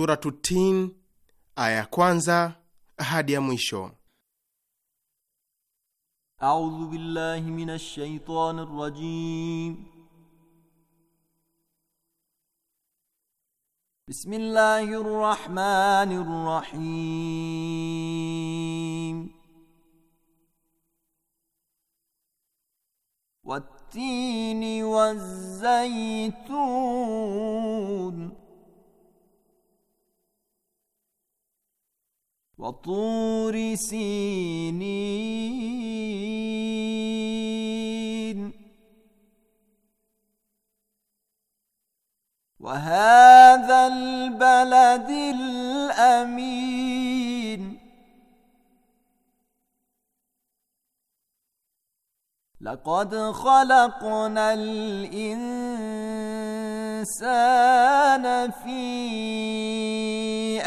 Suratu Tin aya ya kwanza hadi ya mwisho. A'udhu billahi minash shaitani rrajim. Bismillahir rahmanir rahim. Wat-tini waz-zaytun وطور سينين وهذا البلد الامين لقد خلقنا الانسان فيه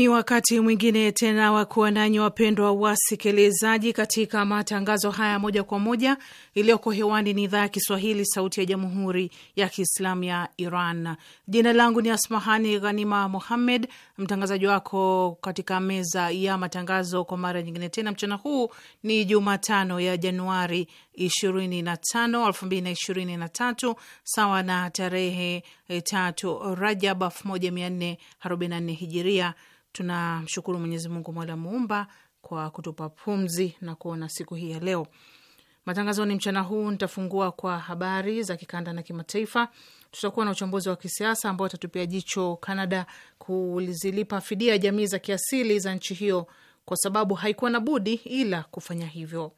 Ni wakati mwingine tena wa kuwa nanyi wapendwa wasikilizaji, katika matangazo haya moja kwa moja iliyoko hewani. Ni idhaa ya Kiswahili, sauti ya jamhuri ya kiislamu ya Iran. Jina langu ni Asmahani Ghanima muhammed mtangazaji wako katika meza ya matangazo kwa mara nyingine tena. Mchana huu ni Jumatano ya Januari 25, 2023 sawa na tarehe 3 Rajab 1444 hijiria Tunamshukuru Mwenyezi Mungu Mola Muumba kwa kutupa pumzi na kuona siku hii ya leo. Matangazoni mchana huu nitafungua kwa habari za kikanda na kimataifa. Tutakuwa na uchambuzi wa kisiasa ambao atatupia jicho Canada kuzilipa fidia jamii za kiasili za nchi hiyo kwa sababu haikuwa na budi ila kufanya hivyo.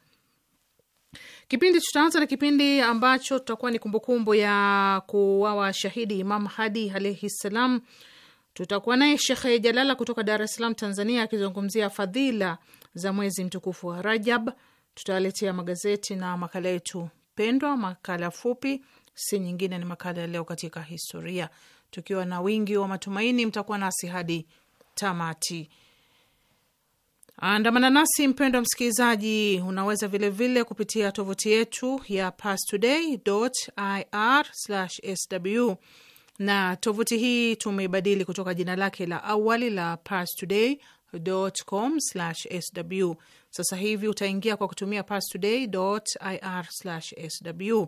Kipindi tutaanza na kipindi ambacho tutakuwa ni kumbukumbu ya kuwawa shahidi Imam Hadi alaihi ssalam Tutakuwa naye Shekhe Jalala kutoka Dar es Salaam, Tanzania, akizungumzia fadhila za mwezi mtukufu wa Rajab. Tutawaletea magazeti na makala yetu pendwa, makala fupi, si nyingine ni makala ya leo katika historia. Tukiwa na wingi wa matumaini, mtakuwa nasi hadi tamati. Andamana nasi mpendwa msikilizaji, unaweza vilevile vile kupitia tovuti yetu ya pastoday.ir/sw na tovuti hii tumeibadili kutoka jina lake la awali la parstoday.com/sw. Sasa hivi utaingia kwa kutumia parstoday.ir/sw.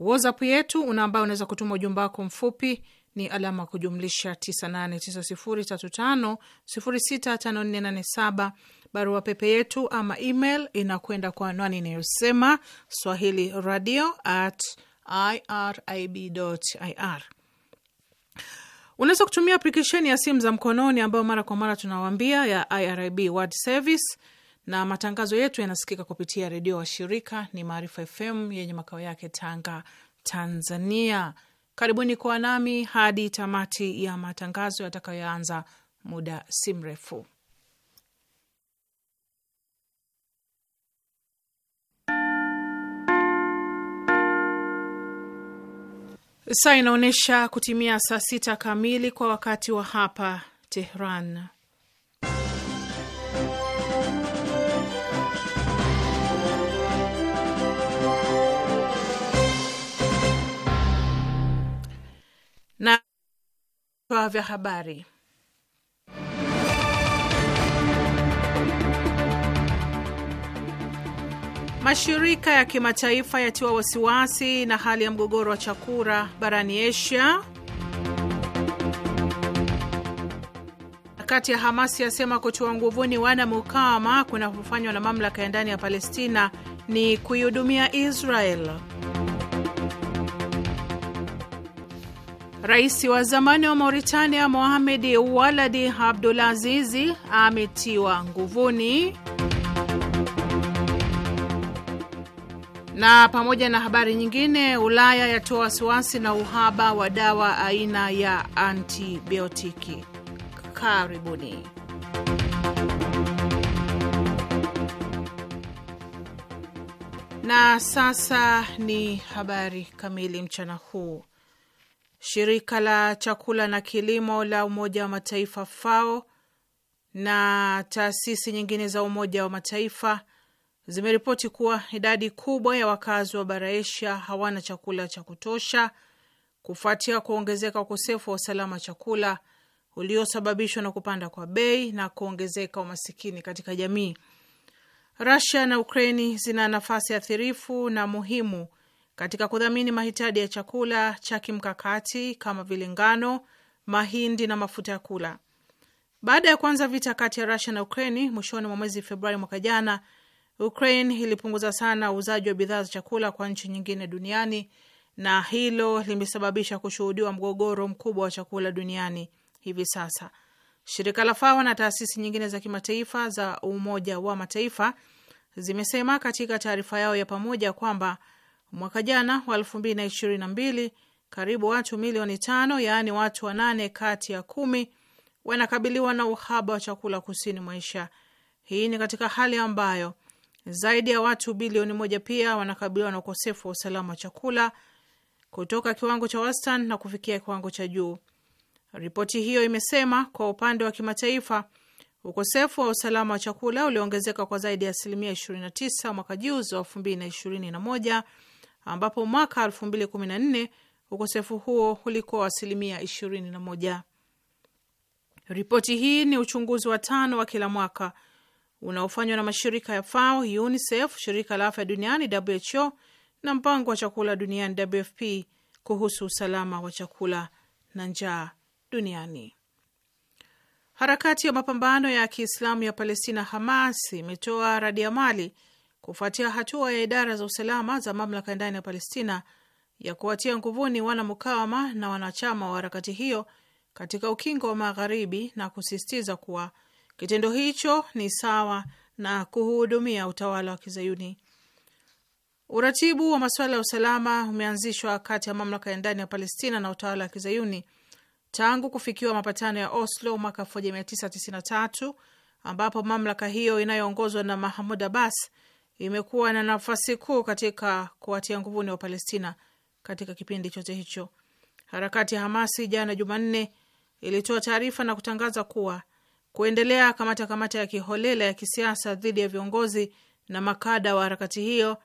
WhatsApp yetu una ambayo unaweza kutuma ujumbe wako mfupi ni alama kujumlisha 989035065487. Barua pepe yetu ama email inakwenda kwa anwani inayosema swahili radio at irib.ir. Unaweza kutumia aplikesheni ya simu za mkononi ambayo mara kwa mara tunawaambia ya IRIB World Service, na matangazo yetu yanasikika kupitia redio wa shirika ni Maarifa FM yenye makao yake Tanga, Tanzania. Karibuni kuwa nami hadi tamati ya matangazo yatakayoanza muda si mrefu. Saa inaonyesha kutimia saa sita kamili kwa wakati wa hapa Tehran. Na vya habari Mashirika ya kimataifa yatiwa wasiwasi na hali ya mgogoro wa chakula barani Asia. Kati ya Hamasi yasema kutiwa nguvuni wana mukawama kunapofanywa na mamlaka ya ndani ya Palestina ni kuihudumia Israel. Rais wa zamani wa Mauritania Mohamed Waladi Abdulazizi ametiwa nguvuni. na pamoja na habari nyingine, Ulaya yatoa wasiwasi na uhaba wa dawa aina ya antibiotiki. Karibuni. Na sasa ni habari kamili mchana huu. Shirika la chakula na kilimo la Umoja wa Mataifa FAO na taasisi nyingine za Umoja wa Mataifa zimeripoti kuwa idadi kubwa ya wakazi wa bara Asia hawana chakula cha kutosha kufuatia kuongezeka ukosefu wa usalama chakula uliosababishwa na kupanda kwa bei na kuongezeka umasikini katika jamii. Rusia na Ukraini zina nafasi athirifu na muhimu katika kudhamini mahitaji ya chakula cha kimkakati kama vile ngano, mahindi na mafuta ya kula. Baada ya kuanza vita kati ya Rusia na Ukraini mwishoni mwa mwezi Februari mwaka jana Ukraine ilipunguza sana uuzaji wa bidhaa za chakula kwa nchi nyingine duniani na hilo limesababisha kushuhudiwa mgogoro mkubwa wa chakula duniani hivi sasa. Shirika la FAO na taasisi nyingine za kimataifa za Umoja wa Mataifa zimesema katika taarifa yao ya pamoja kwamba mwaka jana wa elfu mbili na ishirini na mbili karibu watu milioni tano yaani watu wanane kati ya kumi wanakabiliwa na uhaba wa chakula kusini mwa Asia. Hii ni katika hali ambayo zaidi ya watu bilioni moja pia wanakabiliwa na ukosefu wa usalama wa chakula kutoka kiwango cha wastani na kufikia kiwango cha juu. Ripoti hiyo imesema kwa upande wa kimataifa, ukosefu wa usalama wa chakula uliongezeka kwa zaidi ya asilimia 29 mwaka juzi wa 2021 ambapo mwaka 2014 ukosefu huo ulikuwa asilimia 21. Ripoti hii ni uchunguzi wa tano wa kila mwaka unaofanywa na mashirika ya FAO, UNICEF, shirika la afya duniani WHO na mpango wa chakula duniani WFP kuhusu usalama wa chakula na njaa duniani. Harakati ya mapambano ya Kiislamu ya Palestina, Hamas, imetoa radi ya mali kufuatia hatua ya idara za usalama za mamlaka ndani ya Palestina ya kuwatia nguvuni mukawama na wanachama wa harakati hiyo katika ukingo wa Magharibi na kusisitiza kuwa Kitendo hicho ni sawa na kuhudumia utawala wa Kizayuni. Uratibu wa masuala ya usalama umeanzishwa kati ya mamlaka ya ndani ya Palestina na utawala wa Kizayuni tangu kufikiwa mapatano ya Oslo mwaka 1993 ambapo mamlaka hiyo inayoongozwa na Mahmud Abbas imekuwa na nafasi kuu katika kuwatia nguvuni wa Palestina katika kipindi chote hicho. Harakati ya Hamasi jana Jumanne ilitoa taarifa na kutangaza kuwa kuendelea kamata kamata ya kiholela ya kisiasa dhidi ya viongozi na makada wa harakati hiyo,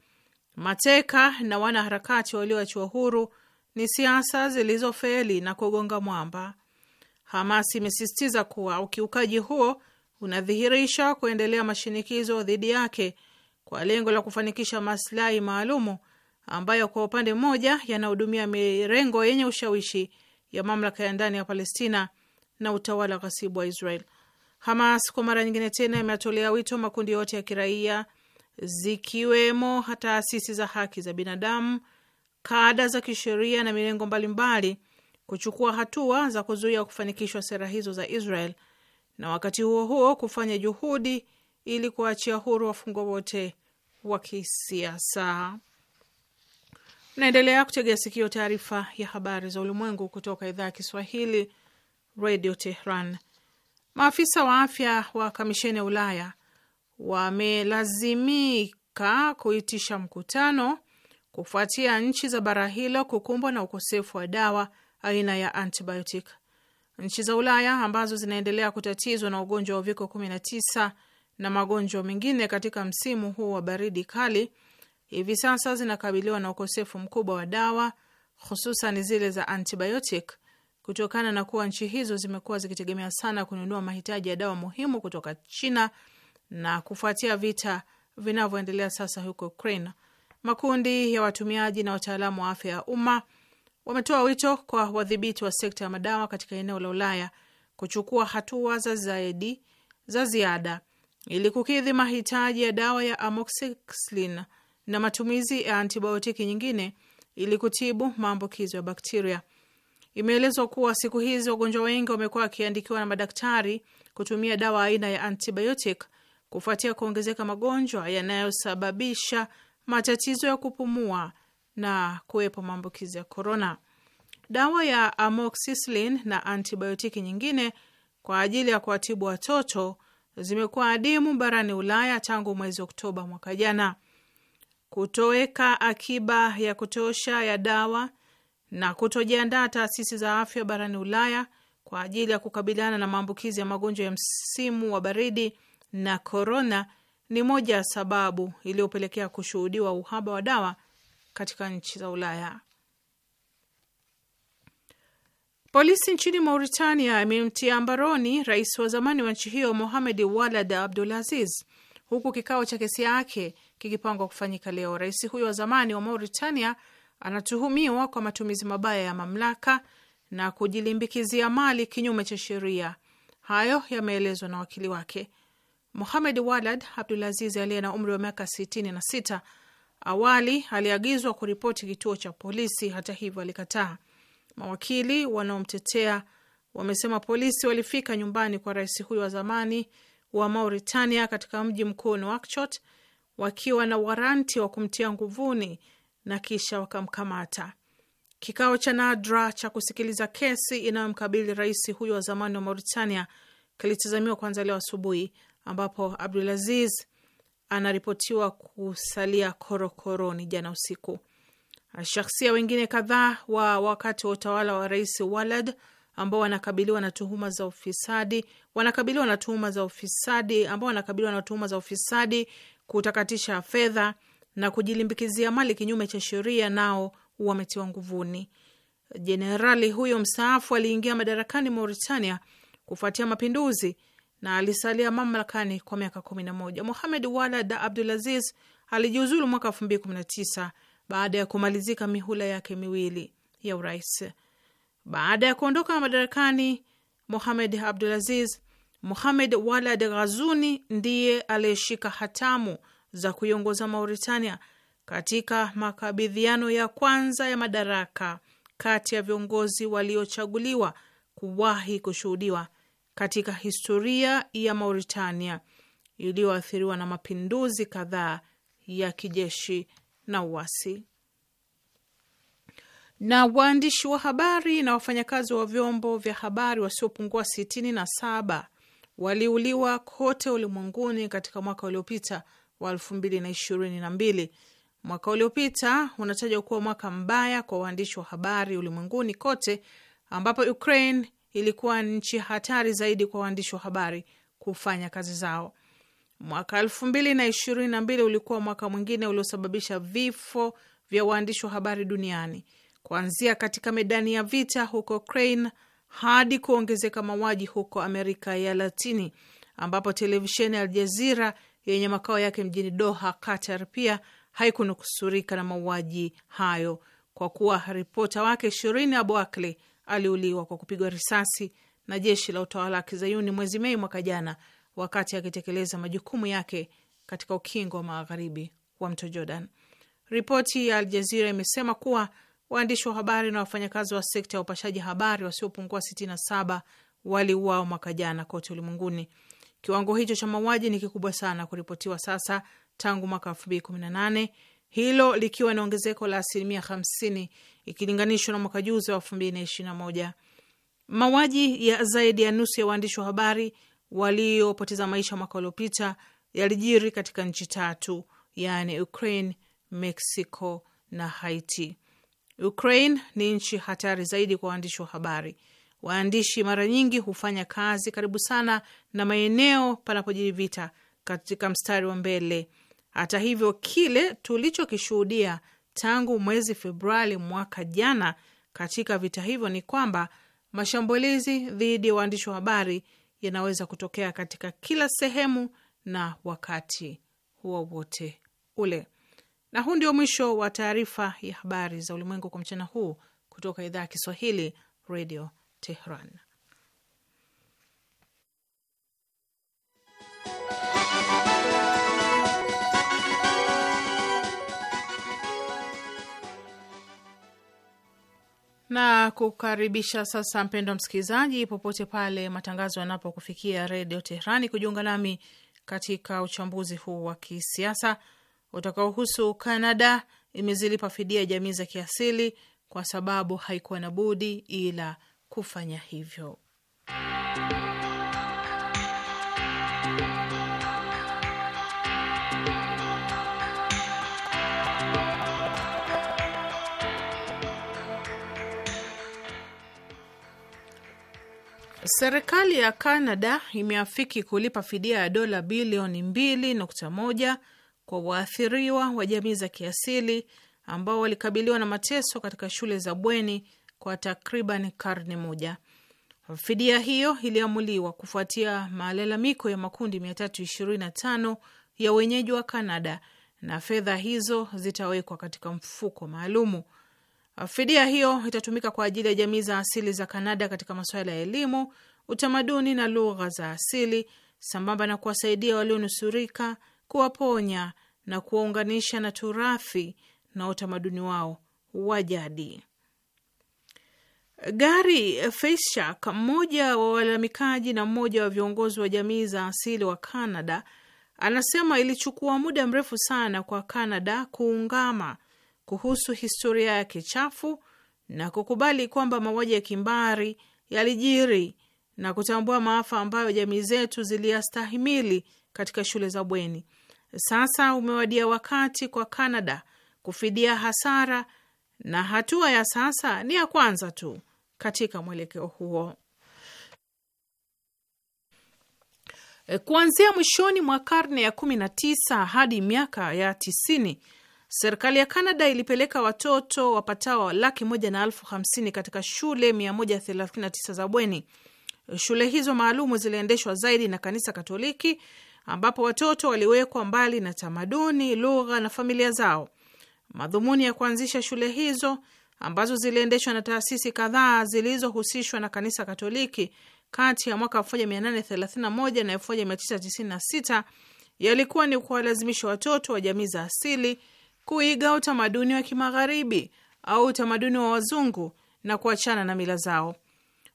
mateka na wanaharakati walioachiwa huru ni siasa zilizofeli na kugonga mwamba. Hamas imesisitiza kuwa ukiukaji huo unadhihirisha kuendelea mashinikizo dhidi yake kwa lengo la kufanikisha maslahi maalumu ambayo kwa upande mmoja yanahudumia mirengo yenye ushawishi ya mamlaka ya ndani ya Palestina na utawala ghasibu wa Israel. Hamas kwa mara nyingine tena imetolea wito makundi yote ya kiraia zikiwemo taasisi za haki za binadamu, kada za kisheria na mirengo mbalimbali kuchukua hatua za kuzuia kufanikishwa sera hizo za Israel na wakati huo huo kufanya juhudi ili kuachia huru wafungwa wote wa kisiasa. Naendelea kutegea sikio taarifa ya habari za ulimwengu kutoka idhaa ya Kiswahili, Radio Tehran. Maafisa wa afya wa kamisheni ya Ulaya wamelazimika kuitisha mkutano kufuatia nchi za bara hilo kukumbwa na ukosefu wa dawa aina ya antibiotic. Nchi za Ulaya ambazo zinaendelea kutatizwa na ugonjwa wa uviko 19 na magonjwa mengine katika msimu huu wa baridi kali, hivi sasa zinakabiliwa na ukosefu mkubwa wa dawa, hususan zile za antibiotic kutokana na kuwa nchi hizo zimekuwa zikitegemea sana kununua mahitaji ya dawa muhimu kutoka China na kufuatia vita vinavyoendelea sasa huko Ukraine. Makundi ya watumiaji na wataalamu wa afya ya umma wametoa wito kwa wadhibiti wa sekta ya madawa katika eneo la Ulaya kuchukua hatua za zaidi za ziada ili kukidhi mahitaji ya dawa ya amoxicillin na matumizi ya antibiotiki nyingine ili kutibu maambukizo ya bakteria Imeelezwa kuwa siku hizi wagonjwa wengi wamekuwa wakiandikiwa na madaktari kutumia dawa aina ya antibiotic kufuatia kuongezeka magonjwa yanayosababisha matatizo ya kupumua na kuwepo maambukizi ya korona. Dawa ya amoxicillin na antibiotiki nyingine kwa ajili ya kuwatibu watoto zimekuwa adimu barani Ulaya tangu mwezi Oktoba mwaka jana. Kutoweka akiba ya kutosha ya dawa na kutojiandaa taasisi za afya barani Ulaya kwa ajili ya kukabiliana na maambukizi ya magonjwa ya msimu wa baridi na korona ni moja ya sababu iliyopelekea kushuhudiwa uhaba wa dawa katika nchi za Ulaya. Polisi nchini Mauritania imemtia mbaroni rais wa zamani wa nchi hiyo Mohamed Walad abdul aziz huku kikao cha kesi yake kikipangwa kufanyika leo. Rais huyo wa zamani wa Mauritania anatuhumiwa kwa matumizi mabaya ya mamlaka na kujilimbikizia mali kinyume cha sheria. Hayo yameelezwa na wakili wake Muhamed Walad Abdulaziz aliye na umri wa miaka 66. Awali aliagizwa kuripoti kituo cha polisi, hata hivyo alikataa. Mawakili wanaomtetea wamesema polisi walifika nyumbani kwa rais huyo wa zamani wa Mauritania katika mji mkuu Nouakchott wakiwa na waranti wa kumtia nguvuni na kisha wakamkamata. Kikao cha nadra cha kusikiliza kesi inayomkabili rais huyo wa zamani wa Mauritania kilitazamiwa kuanza leo asubuhi, ambapo Abdulaziz anaripotiwa kusalia korokoroni jana usiku. Shahsia wengine kadhaa wa wakati wa utawala wa rais Walad ambao wanakabiliwa na tuhuma za ufisadi wanakabiliwa na tuhuma za ufisadi ambao wanakabiliwa na tuhuma za ufisadi, kutakatisha fedha na kujilimbikizia mali kinyume cha sheria, nao wametiwa nguvuni. Jenerali huyo mstaafu aliingia madarakani Mauritania kufuatia mapinduzi na alisalia mamlakani kwa miaka 11. muhamed Walad abdul Aziz alijiuzulu mwaka tisa baada ya kumalizika mihula yake miwili ya urais. Baada ya kuondoka madarakani muhamed abdul Aziz, muhamed Walad Ghazuni ndiye aliyeshika hatamu za kuiongoza Mauritania katika makabidhiano ya kwanza ya madaraka kati ya viongozi waliochaguliwa kuwahi kushuhudiwa katika historia ya Mauritania iliyoathiriwa na mapinduzi kadhaa ya kijeshi na uasi. Na waandishi wa habari na wafanyakazi wa vyombo vya habari wasiopungua sitini na saba waliuliwa kote ulimwenguni katika mwaka uliopita wa elfu mbili na ishirini na mbili. Mwaka uliopita unatajwa kuwa mwaka mbaya kwa waandishi wa habari ulimwenguni kote, ambapo Ukraine ilikuwa nchi hatari zaidi kwa waandishi wa habari kufanya kazi zao. Mwaka elfu mbili na ishirini na mbili ulikuwa mwaka mwingine uliosababisha vifo vya waandishi wa habari duniani, kuanzia katika medani ya vita huko Ukraine hadi kuongezeka mauaji huko Amerika ya Latini, ambapo televisheni Aljazira yenye makao yake mjini Doha, Qatar, pia haikunukusurika na mauaji hayo kwa kuwa ripota wake Shirin Abu Akle aliuliwa kwa kupigwa risasi na jeshi la utawala wa kizayuni mwezi Mei mwaka jana wakati akitekeleza majukumu yake katika ukingo wa magharibi wa mto Jordan. Ripoti ya Aljazira imesema kuwa waandishi wa habari na wafanyakazi wa sekta ya upashaji habari wasiopungua 67 waliuawa mwaka jana kote ulimwenguni Kiwango hicho cha mauaji ni kikubwa sana kuripotiwa sasa tangu mwaka elfu mbili kumi na nane, hilo likiwa ni ongezeko la asilimia hamsini ikilinganishwa na mwaka juzi wa elfu mbili na ishirini na moja. Mauaji ya zaidi ya nusu ya waandishi wa habari waliopoteza maisha mwaka uliopita yalijiri katika nchi tatu, yaani Ukraine, Mexico na Haiti. Ukraine ni nchi hatari zaidi kwa waandishi wa habari. Waandishi mara nyingi hufanya kazi karibu sana na maeneo panapojiri vita katika mstari wa mbele. Hata hivyo, kile tulichokishuhudia tangu mwezi Februari mwaka jana katika vita hivyo ni kwamba mashambulizi dhidi ya waandishi wa habari yanaweza kutokea katika kila sehemu na wakati wowote ule. Na huu ndio mwisho wa taarifa ya habari za ulimwengu kwa mchana huu kutoka idhaa ya Kiswahili, Radio Tehran. na kukaribisha sasa, mpendo msikilizaji, popote pale matangazo yanapokufikia Redio Teherani, kujiunga nami katika uchambuzi huu wa kisiasa utakaohusu Kanada imezilipa fidia jamii za kiasili kwa sababu haikuwa na budi ila kufanya hivyo. Serikali ya canada imeafiki kulipa fidia ya dola bilioni 2.1 kwa waathiriwa wa jamii za kiasili ambao walikabiliwa na mateso katika shule za bweni kwa takriban karne moja. Fidia hiyo iliamuliwa kufuatia malalamiko ya makundi 325 ya wenyeji wa Kanada, na fedha hizo zitawekwa katika mfuko maalumu. Fidia hiyo itatumika kwa ajili ya jamii za asili za Kanada katika masuala ya elimu, utamaduni na lugha za asili, sambamba na kuwasaidia walionusurika, kuwaponya na kuwaunganisha na turathi na utamaduni wao wa jadi. Gary Fishak, mmoja wa walalamikaji na mmoja wa viongozi wa jamii za asili wa Canada, anasema ilichukua muda mrefu sana kwa Canada kuungama kuhusu historia yake chafu na kukubali kwamba mauaji ya kimbari yalijiri na kutambua maafa ambayo jamii zetu ziliyastahimili katika shule za bweni. Sasa umewadia wakati kwa Canada kufidia hasara na hatua ya sasa ni ya kwanza tu katika mwelekeo huo. E, kuanzia mwishoni mwa karne ya tisa hadi miaka ya tisini serikali ya Kanada ilipeleka watoto wapatao laki moja na elfu hamsini katika shule tisa za bweni. Shule hizo maalumu ziliendeshwa zaidi na kanisa Katoliki, ambapo watoto waliwekwa mbali na tamaduni, lugha na familia zao Madhumuni ya kuanzisha shule hizo ambazo ziliendeshwa na taasisi kadhaa zilizohusishwa na kanisa Katoliki kati ya mwaka 1831 na 1996 yalikuwa ni kuwalazimisha watoto wa jamii za asili kuiga utamaduni wa kimagharibi au utamaduni wa wazungu na kuachana na mila zao.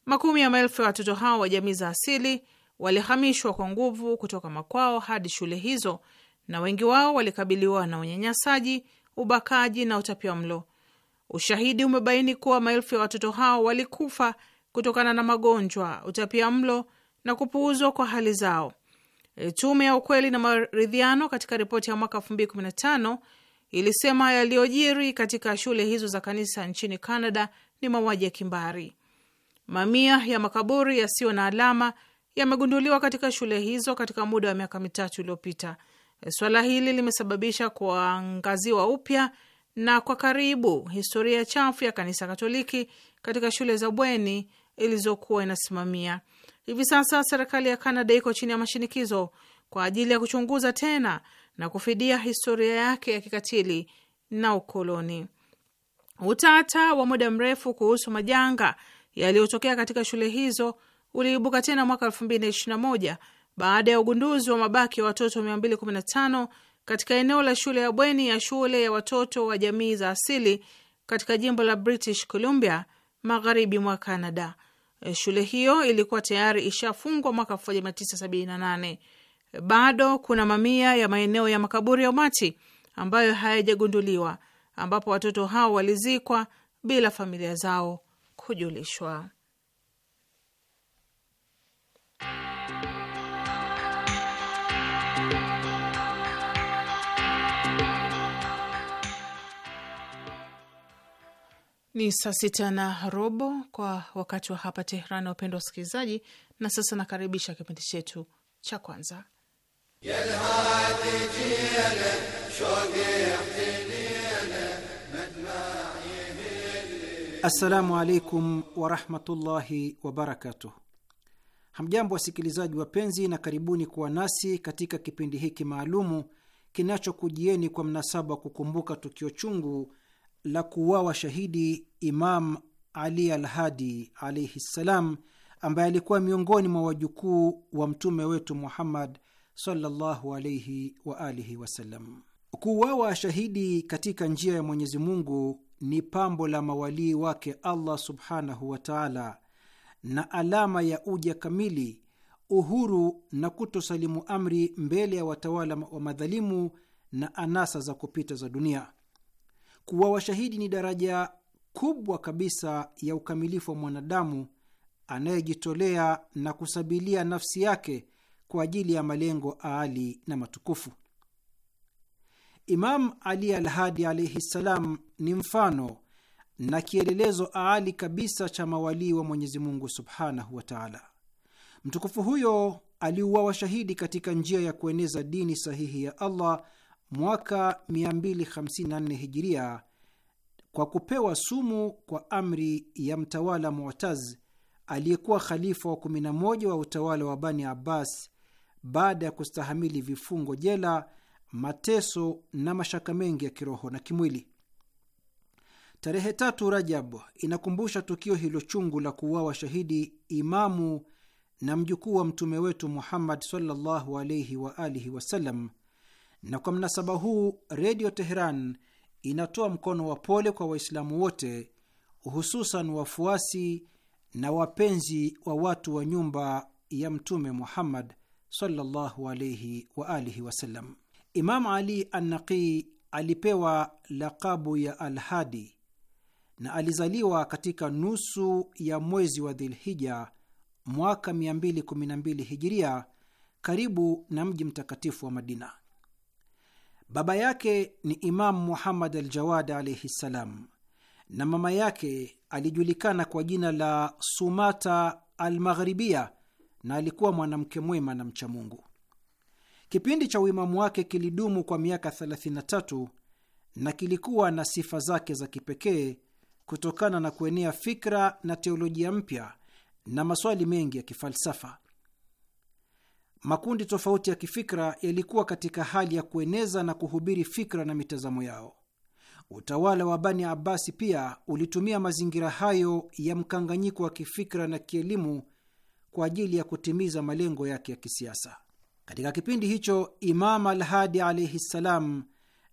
Makumi ya maelfu ya watoto hao wa jamii za asili walihamishwa kwa nguvu kutoka makwao hadi shule hizo, na wengi wao walikabiliwa na unyanyasaji ubakaji na utapia mlo Ushahidi umebaini kuwa maelfu ya watoto hao walikufa kutokana na magonjwa, utapia mlo na kupuuzwa kwa hali zao. E, Tume ya Ukweli na Maridhiano katika ripoti ya mwaka 2015 ilisema yaliyojiri katika shule hizo za kanisa nchini Canada ni mauaji ya kimbari. Mamia ya makaburi yasiyo na alama yamegunduliwa katika shule hizo katika muda wa miaka mitatu iliyopita swala hili limesababisha kuangaziwa upya na kwa karibu historia chafu ya kanisa Katoliki katika shule za bweni ilizokuwa inasimamia. Hivi sasa serikali ya Kanada iko chini ya mashinikizo kwa ajili ya kuchunguza tena na kufidia historia yake ya kikatili na ukoloni. Utata wa muda mrefu kuhusu majanga yaliyotokea katika shule hizo uliibuka tena mwaka elfu mbili na ishirini na moja baada ya ugunduzi wa mabaki ya watoto 215 katika eneo la shule ya bweni ya shule ya watoto wa jamii za asili katika jimbo la British Columbia magharibi mwa Canada. E, shule hiyo ilikuwa tayari ishafungwa mwaka 1978. E, bado kuna mamia ya maeneo ya makaburi ya umati ambayo hayajagunduliwa ambapo watoto hao walizikwa bila familia zao kujulishwa. Ni saa sita na robo kwa wakati wa hapa Tehrani, wapendwa wasikilizaji, na sasa nakaribisha kipindi chetu cha kwanza Assalamu alaikum warahmatullahi wabarakatuh. Hamjambo wasikilizaji wapenzi, na karibuni kuwa nasi katika kipindi hiki maalumu kinachokujieni kwa mnasaba wa kukumbuka tukio chungu la kuuawa shahidi Imam Ali Alhadi alaihi ssalam, ambaye alikuwa miongoni mwa wajukuu wa mtume wetu Muhammad sallallahu alaihi wa alihi wasallam. Kuuawa shahidi katika njia ya Mwenyezi Mungu ni pambo la mawalii wake Allah subhanahu wa taala na alama ya uja kamili, uhuru na kutosalimu amri mbele ya watawala wa madhalimu na anasa za kupita za dunia. Kuwa washahidi ni daraja kubwa kabisa ya ukamilifu wa mwanadamu anayejitolea na kusabilia nafsi yake kwa ajili ya malengo aali na matukufu. Imam Ali Alhadi alaihi ssalam ni mfano na kielelezo aali kabisa cha mawalii wa Mwenyezi Mungu subhanahu wa taala. Mtukufu huyo aliuawa shahidi katika njia ya kueneza dini sahihi ya Allah mwaka 254 hijiria kwa kupewa sumu kwa amri ya mtawala Muataz aliyekuwa khalifa wa 11 wa utawala wa Bani Abbas baada ya kustahamili vifungo jela, mateso na mashaka mengi ya kiroho na kimwili. Tarehe tatu Rajab inakumbusha tukio hilo chungu la kuuawa shahidi imamu na mjukuu wa mtume wetu Muhammad sallallahu alayhi wa alihi wasallam na kwa mnasaba huu Redio Teheran inatoa mkono wa pole kwa Waislamu wote, hususan wafuasi na wapenzi wa watu wa nyumba ya Mtume Muhammad sallallahu alayhi wa alihi wasallam. Imamu Ali Annaqi alipewa lakabu ya Alhadi na alizaliwa katika nusu ya mwezi wa Dhilhija mwaka 212 hijiria karibu na mji mtakatifu wa Madina. Baba yake ni Imamu Muhammad al-Jawad alaihi ssalam, na mama yake alijulikana kwa jina la Sumata al-Maghribia na alikuwa mwanamke mwema na mchamungu. Kipindi cha uimamu wake kilidumu kwa miaka 33 na kilikuwa na sifa zake za kipekee kutokana na kuenea fikra na teolojia mpya na maswali mengi ya kifalsafa makundi tofauti ya kifikra yalikuwa katika hali ya kueneza na kuhubiri fikra na mitazamo yao. Utawala wa Bani abasi pia ulitumia mazingira hayo ya mkanganyiko wa kifikra na kielimu kwa ajili ya kutimiza malengo yake ya kisiasa. Katika kipindi hicho, Imam Alhadi alaihi ssalam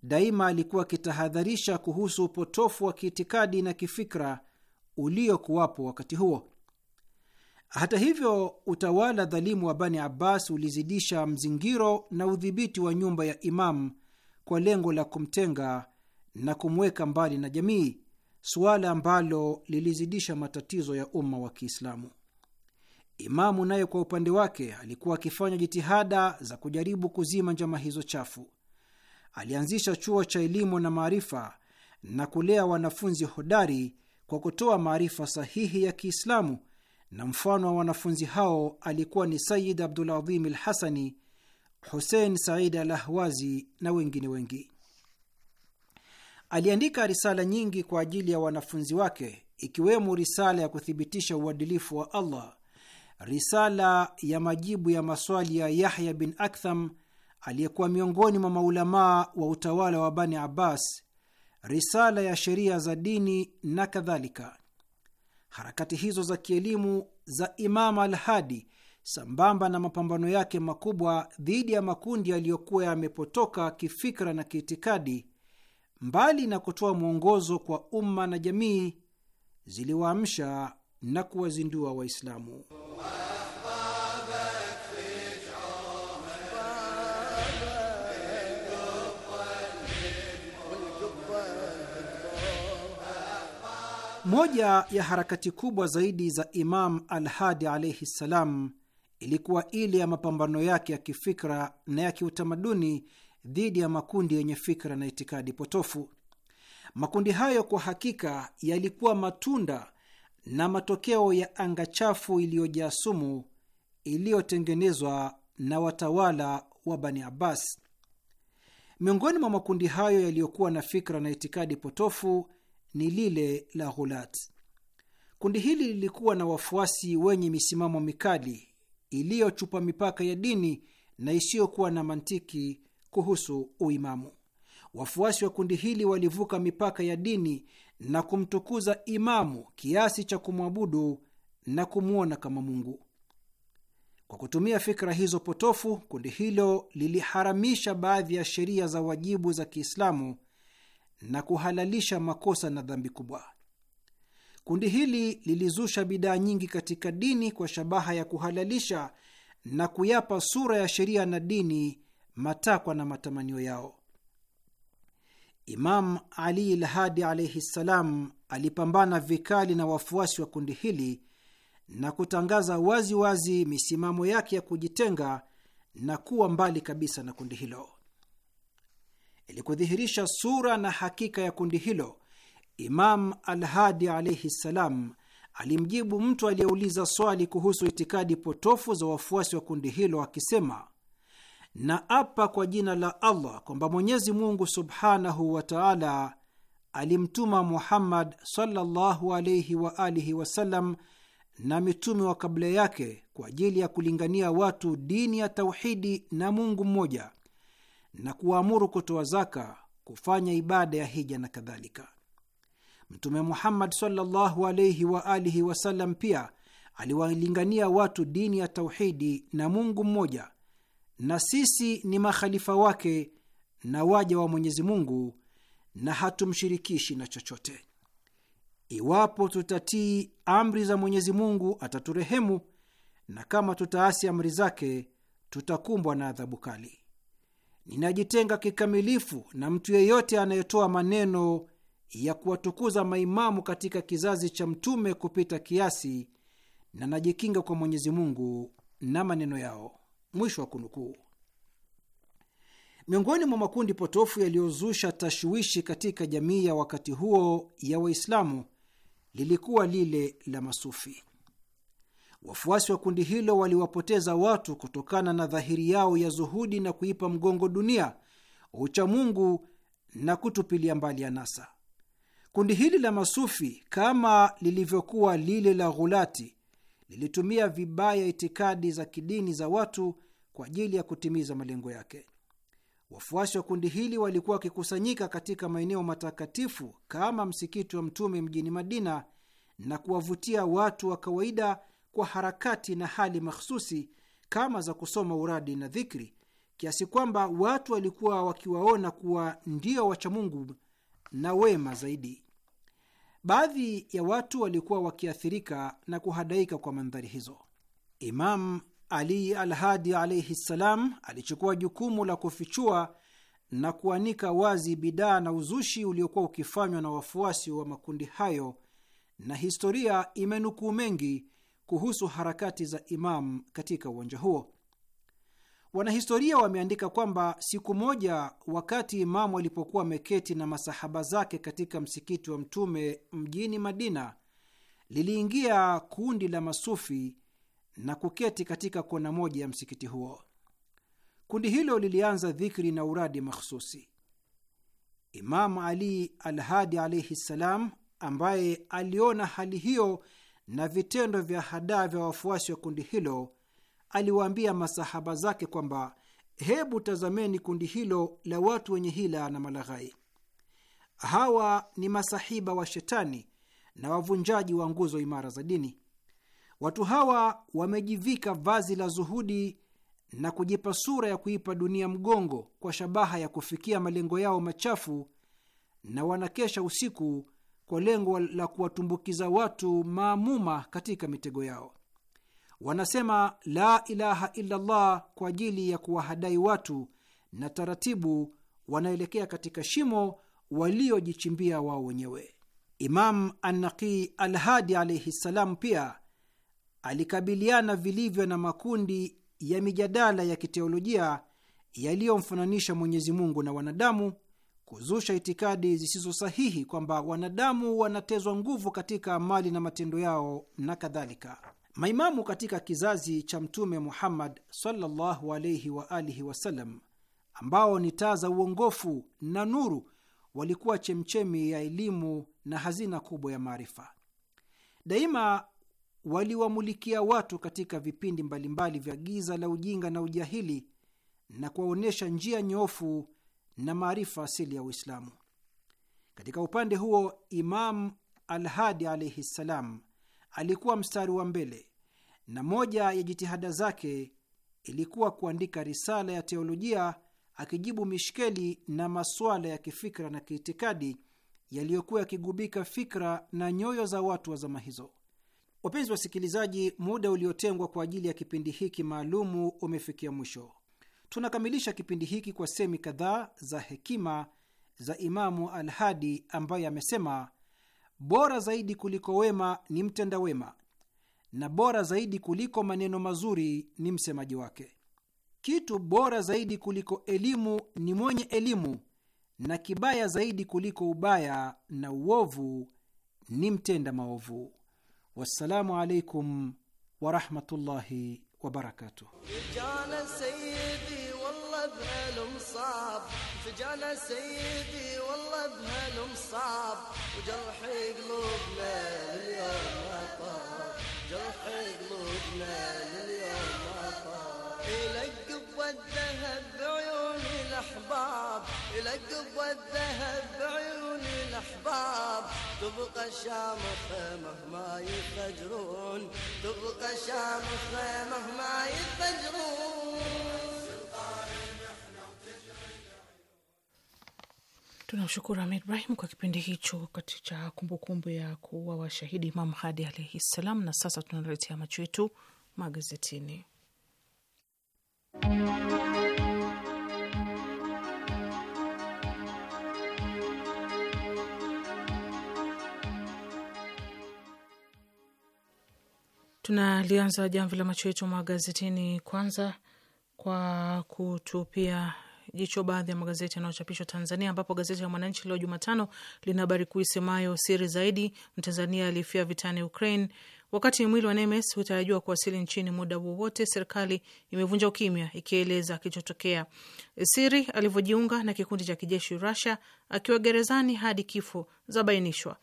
daima alikuwa akitahadharisha kuhusu upotofu wa kiitikadi na kifikra uliokuwapo wakati huo. Hata hivyo, utawala dhalimu wa Bani Abbas ulizidisha mzingiro na udhibiti wa nyumba ya Imamu kwa lengo la kumtenga na kumweka mbali na jamii, suala ambalo lilizidisha matatizo ya umma wa Kiislamu. Imamu naye kwa upande wake alikuwa akifanya jitihada za kujaribu kuzima njama hizo chafu. Alianzisha chuo cha elimu na maarifa na kulea wanafunzi hodari kwa kutoa maarifa sahihi ya Kiislamu na mfano wa wanafunzi hao alikuwa ni Sayid Abdulazim al Hasani, Husein Said al Ahwazi na wengine wengi. Aliandika risala nyingi kwa ajili ya wanafunzi wake, ikiwemo risala ya kuthibitisha uadilifu wa Allah, risala ya majibu ya maswali ya Yahya bin Aktham aliyekuwa miongoni mwa maulamaa wa utawala wa Bani Abbas, risala ya sheria za dini na kadhalika. Harakati hizo za kielimu za Imam al-Hadi sambamba na mapambano yake makubwa dhidi ya makundi yaliyokuwa yamepotoka kifikra na kiitikadi, mbali na kutoa mwongozo kwa umma na jamii, ziliwaamsha na kuwazindua Waislamu. Moja ya harakati kubwa zaidi za Imam Alhadi alaihi ssalam ilikuwa ile ya mapambano yake ya kifikra na ya kiutamaduni dhidi ya makundi yenye fikra na itikadi potofu. Makundi hayo kwa hakika yalikuwa matunda na matokeo ya anga chafu iliyojaa sumu iliyotengenezwa na watawala wa Bani Abbas. Miongoni mwa makundi hayo yaliyokuwa na fikra na itikadi potofu ni lile la Ghulat. Kundi hili lilikuwa na wafuasi wenye misimamo mikali iliyochupa mipaka ya dini na isiyokuwa na mantiki kuhusu uimamu. Wafuasi wa kundi hili walivuka mipaka ya dini na kumtukuza imamu kiasi cha kumwabudu na kumwona kama Mungu. Kwa kutumia fikra hizo potofu, kundi hilo liliharamisha baadhi ya sheria za wajibu za Kiislamu na kuhalalisha makosa na dhambi kubwa. Kundi hili lilizusha bidaa nyingi katika dini kwa shabaha ya kuhalalisha na kuyapa sura ya sheria na dini matakwa na matamanio yao. Imam Ali Lhadi alaihi ssalam alipambana vikali na wafuasi wa kundi hili na kutangaza waziwazi wazi misimamo yake ya kujitenga na kuwa mbali kabisa na kundi hilo. Ili kudhihirisha sura na hakika ya kundi hilo, Imam Alhadi alaihi ssalam alimjibu mtu aliyeuliza swali kuhusu itikadi potofu za wafuasi wa kundi hilo akisema, na apa kwa jina la Allah kwamba Mwenyezi Mungu subhanahu wa taala alimtuma Muhammad sallallahu alaihi wa alihi wasallam na mitume wa kabla yake kwa ajili ya kulingania watu dini ya tauhidi na Mungu mmoja na kuwaamuru kutoa zaka, kufanya ibada ya hija na kadhalika. Mtume Muhammad sallallahu alaihi wa alihi wasallam pia aliwalingania watu dini ya tauhidi na Mungu mmoja, na sisi ni makhalifa wake na waja wa Mwenyezi Mungu na hatumshirikishi na chochote. Iwapo tutatii amri za Mwenyezi Mungu ataturehemu, na kama tutaasi amri zake tutakumbwa na adhabu kali. Ninajitenga kikamilifu na mtu yeyote anayetoa maneno ya kuwatukuza maimamu katika kizazi cha Mtume kupita kiasi, na najikinga kwa Mwenyezi Mungu na maneno yao. Mwisho wa kunukuu. Miongoni mwa makundi potofu yaliyozusha tashwishi katika jamii ya wakati huo ya Waislamu lilikuwa lile la masufi. Wafuasi wa kundi hilo waliwapoteza watu kutokana na dhahiri yao ya zuhudi na kuipa mgongo dunia, uchamungu na kutupilia mbali anasa. Kundi hili la masufi kama lilivyokuwa lile la ghulati lilitumia vibaya itikadi za kidini za watu kwa ajili ya kutimiza malengo yake. Wafuasi wa kundi hili walikuwa wakikusanyika katika maeneo matakatifu kama msikiti wa Mtume mjini Madina na kuwavutia watu wa kawaida kwa harakati na hali mahsusi kama za kusoma uradi na dhikri, kiasi kwamba watu walikuwa wakiwaona kuwa ndio wachamungu na wema zaidi. Baadhi ya watu walikuwa wakiathirika na kuhadaika kwa mandhari hizo. Imam Ali Alhadi alaihi ssalam alichukua jukumu la kufichua na kuanika wazi bidaa na uzushi uliokuwa ukifanywa na wafuasi wa makundi hayo, na historia imenukuu mengi kuhusu harakati za Imam katika uwanja huo. Wanahistoria wameandika kwamba siku moja, wakati Imamu alipokuwa ameketi na masahaba zake katika msikiti wa Mtume mjini Madina, liliingia kundi la masufi na kuketi katika kona moja ya msikiti huo. Kundi hilo lilianza dhikri na uradi makhususi. Imamu Ali Alhadi alaihi ssalam, ambaye aliona hali hiyo na vitendo vya hadaa vya wafuasi wa kundi hilo, aliwaambia masahaba zake kwamba hebu tazameni kundi hilo la watu wenye hila na malaghai. Hawa ni masahiba wa shetani na wavunjaji wa nguzo imara za dini. Watu hawa wamejivika vazi la zuhudi na kujipa sura ya kuipa dunia mgongo kwa shabaha ya kufikia malengo yao machafu, na wanakesha usiku kwa lengo la kuwatumbukiza watu maamuma katika mitego yao. Wanasema la ilaha illallah kwa ajili ya kuwahadai watu, na taratibu wanaelekea katika shimo waliojichimbia wao wenyewe. Imam Annaqi Alhadi alaihi ssalam pia alikabiliana vilivyo na makundi ya mijadala ya kiteolojia yaliyomfananisha Mwenyezi Mungu na wanadamu kuzusha itikadi zisizo sahihi kwamba wanadamu wanatezwa nguvu katika mali na matendo yao na kadhalika. Maimamu katika kizazi cha Mtume Muhammad sallallahu alayhi wa alihi wasallam, ambao ni taa za uongofu na nuru, walikuwa chemchemi ya elimu na hazina kubwa ya maarifa. Daima waliwamulikia watu katika vipindi mbalimbali vya giza la ujinga na ujahili na kuwaonyesha njia nyofu na maarifa asili ya Uislamu. Katika upande huo, Imam Alhadi alaihi ssalam alikuwa mstari wa mbele na moja ya jitihada zake ilikuwa kuandika risala ya teolojia akijibu mishkeli na masuala ya kifikra na kiitikadi yaliyokuwa yakigubika fikra na nyoyo za watu wa zama hizo. Wapenzi wasikilizaji, muda uliotengwa kwa ajili ya kipindi hiki maalumu umefikia mwisho. Tunakamilisha kipindi hiki kwa semi kadhaa za hekima za Imamu Alhadi ambaye amesema, bora zaidi kuliko wema ni mtenda wema na bora zaidi kuliko maneno mazuri ni msemaji wake. Kitu bora zaidi kuliko elimu ni mwenye elimu, na kibaya zaidi kuliko ubaya na uovu ni mtenda maovu. Wassalamu alaikum warahmatullahi wabarakatuh. بهالمصاب فجانا سيدي والله بهالمصاب وجرحي قلوبنا اليوم ما طاب جرحي قلوبنا اليوم ما طاب يلقب والذهب بعيون الاحباب يلقب والذهب بعيون الاحباب تبقى شامخه مهما يفجرون تبقى شامخه مهما يفجرون Tunamshukuru Amir Ibrahim kwa kipindi hicho cha kumbukumbu ya kuwa washahidi Imam Hadi alaihi ssalam. Na sasa tunaletea macho yetu magazetini. Tunalianza jamvi la macho yetu magazetini kwanza kwa kutupia jicho baadhi ya magazeti yanayochapishwa Tanzania, ambapo gazeti la Mwananchi leo Jumatano lina habari kuu isemayo siri zaidi, Mtanzania aliyefia vitani Ukraine. Wakati mwili wa Nemes hutarajiwa kuwasili nchini muda wowote, serikali imevunja ukimya ikieleza kilichotokea. Siri alivyojiunga na kikundi cha kijeshi Rusia akiwa gerezani hadi kifo zabainishwa.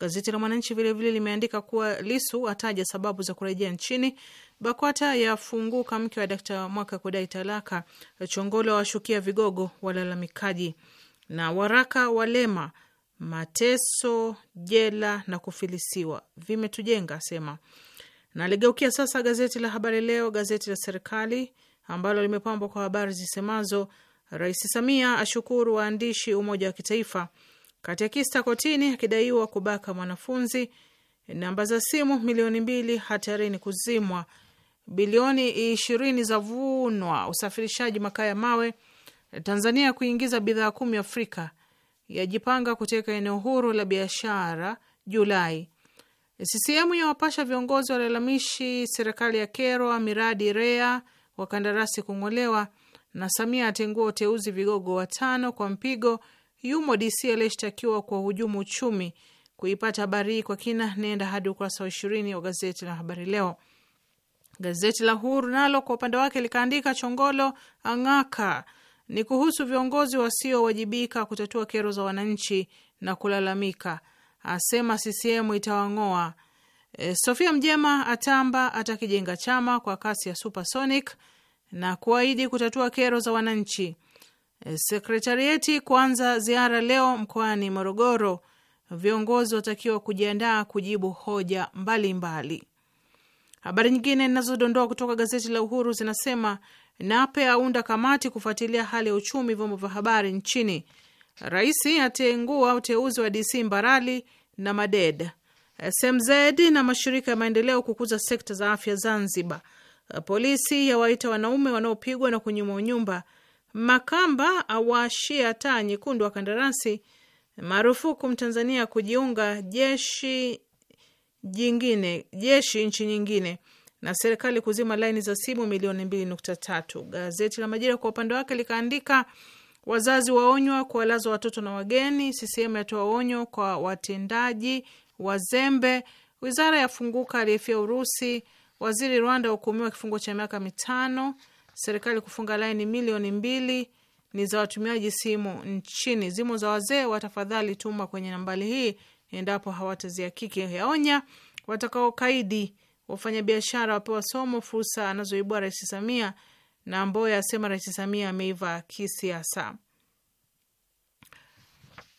Gazeti la Mwananchi vilevile limeandika kuwa Lisu ataja sababu za kurejea nchini BAKWATA yafunguka mke wa Dkt Mwaka kudai talaka. Chongolo washukia vigogo walalamikaji. Na waraka walema mateso jela na kufilisiwa vimetujenga asema. Naligeukia sasa gazeti la Habari Leo, gazeti la serikali ambalo limepambwa kwa habari zisemazo: Rais Samia ashukuru waandishi umoja wa kitaifa, katekista kotini akidaiwa kubaka mwanafunzi, namba za simu milioni mbili hatarini kuzimwa bilioni ishirini za vunwa usafirishaji makaa ya mawe, Tanzania kuingiza bidhaa kumi Afrika, yajipanga kuteka eneo huru la biashara Julai. CCM yawapasha viongozi walalamishi serikali ya kerwa miradi REA wakandarasi kung'olewa, na Samia atengua uteuzi vigogo watano kwa mpigo. Yumo DC aliyeshtakiwa kwa hujumu uchumi. Kuipata habari hii kwa kina, nenda hadi ukurasa wa ishirini wa gazeti la Habari Leo. Gazeti la Huru nalo kwa upande wake likaandika Chongolo ang'aka, ni kuhusu viongozi wasiowajibika kutatua kero za wananchi na kulalamika, asema CCM itawang'oa. E, Sofia Mjema atamba atakijenga chama kwa kasi ya supersonic na kuahidi kutatua kero za wananchi. E, sekretarieti kuanza ziara leo mkoani Morogoro. Viongozi watakiwa kujiandaa kujibu hoja mbalimbali mbali. Habari nyingine ninazodondoa kutoka gazeti la Uhuru zinasema Nape aunda kamati kufuatilia hali ya uchumi vyombo vya habari nchini. Rais ateengua uteuzi wa DC Mbarali na Maded. SMZ na mashirika ya maendeleo kukuza sekta za afya Zanzibar. Polisi yawaita wanaume wanaopigwa na kunyimwa nyumba. Makamba awashia taa nyekundu wa kandarasi. Marufuku Mtanzania kujiunga jeshi jingine jeshi nchi nyingine na serikali kuzima laini za simu milioni mbili nukta tatu. Gazeti la Majira kwa upande wake likaandika wazazi waonywa kuwalaza watoto na wageni, CCM yatoa onyo kwa watendaji wazembe, wizara yafunguka aliyefia Urusi, waziri Rwanda hukumiwa kifungo cha miaka mitano, serikali kufunga laini milioni mbili ni za watumiaji simu nchini, zimo za wazee watafadhali tuma kwenye nambari hii endapo hawataziakiki. Yaonya watakaokaidi, wafanyabiashara wapewa somo, fursa anazoibua Rais Samia na Mboya asema Rais Samia ameiva kisiasa.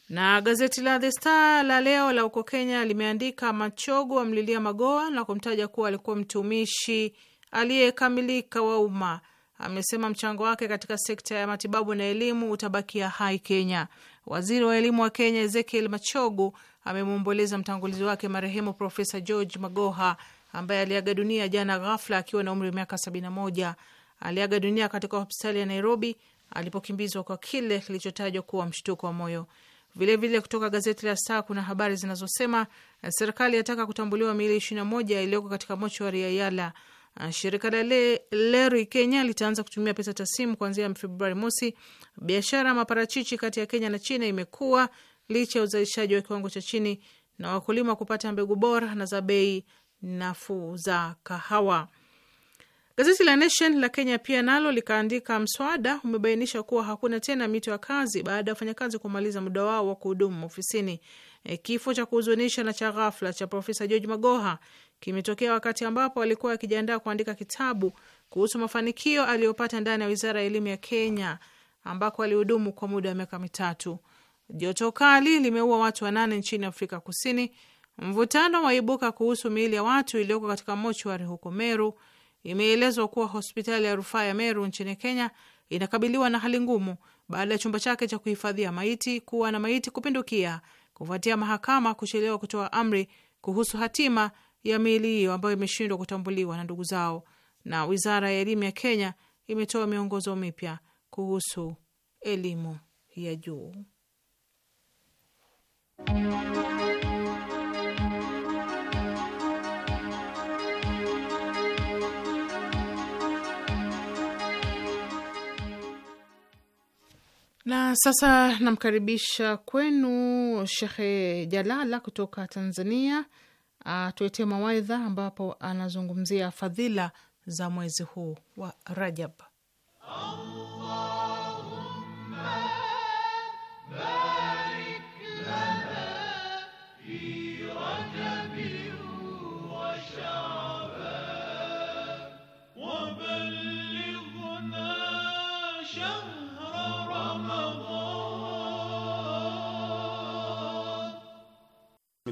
Na gazeti la The Star la leo la huko Kenya limeandika Machogo amlilia Magoa na kumtaja kuwa alikuwa mtumishi aliyekamilika wa umma. Amesema mchango wake katika sekta ya matibabu na elimu utabakia hai Kenya. Waziri wa elimu wa Kenya Ezekiel Machogu amemwomboleza mtangulizi wake marehemu Profesa George Magoha ambaye aliaga dunia jana ghafla akiwa na umri wa miaka 71. Aliaga dunia katika hospitali ya Nairobi alipokimbizwa kwa kile kilichotajwa kuwa mshtuko wa moyo. Vilevile kutoka gazeti la Star kuna habari zinazosema eh, serikali yataka kutambuliwa miili 21 iliyoko katika mochwari ya Yala. Eh, shirika la le, leri Kenya litaanza kutumia pesa taslimu kuanzia Februari mosi. Biashara ya maparachichi kati ya Kenya na China imekuwa licha ya uzalishaji wa kiwango cha chini na wakulima kupata mbegu bora na za bei nafuu za kahawa. Gazeti la Nation la Kenya pia nalo likaandika, mswada umebainisha kuwa hakuna tena mito ya kazi baada ya wafanyakazi kumaliza muda wao wa kuhudumu ofisini. E, kifo cha kuhuzunisha na cha ghafla cha Profesa George Magoha kimetokea wakati ambapo alikuwa akijiandaa kuandika kitabu kuhusu mafanikio aliyopata ndani ya wizara ya elimu ya Kenya ambako alihudumu kwa muda wa miaka mitatu. Joto kali limeua watu wanane nchini Afrika Kusini. Mvutano waibuka kuhusu miili ya watu iliyoko katika mochwari huko Meru. Imeelezwa kuwa hospitali ya rufaa ya Meru nchini Kenya inakabiliwa na hali ngumu baada ya chumba chake cha kuhifadhia maiti kuwa na maiti kupindukia kufuatia mahakama kuchelewa kutoa amri kuhusu hatima ya miili hiyo ambayo imeshindwa kutambuliwa na ndugu zao. Na wizara ya elimu ya Kenya imetoa miongozo mipya kuhusu elimu ya juu. Na sasa namkaribisha kwenu Shekhe Jalala kutoka Tanzania atuetee mawaidha ambapo anazungumzia fadhila za mwezi huu wa Rajab.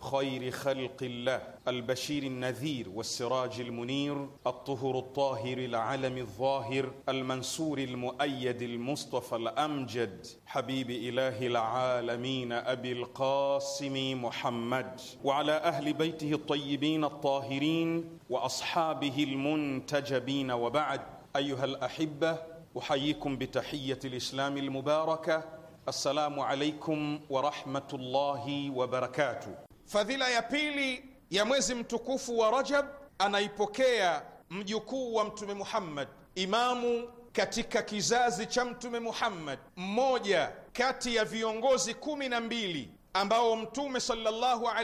خير خلق الله البشير النذير والسراج المنير الطهر الطاهر العلم الظاهر المنصور المؤيد المصطفى الأمجد حبيب إله العالمين أبي القاسم محمد وعلى أهل بيته الطيبين الطاهرين وأصحابه المنتجبين وبعد أيها الأحبة أحييكم بتحية الإسلام المباركة السلام عليكم ورحمة الله وبركاته Fadhila ya pili ya mwezi mtukufu wa Rajab anaipokea mjukuu wa Mtume Muhammad, imamu katika kizazi cha Mtume Muhammad, mmoja kati ya viongozi kumi na mbili ambao Mtume sallallahu wa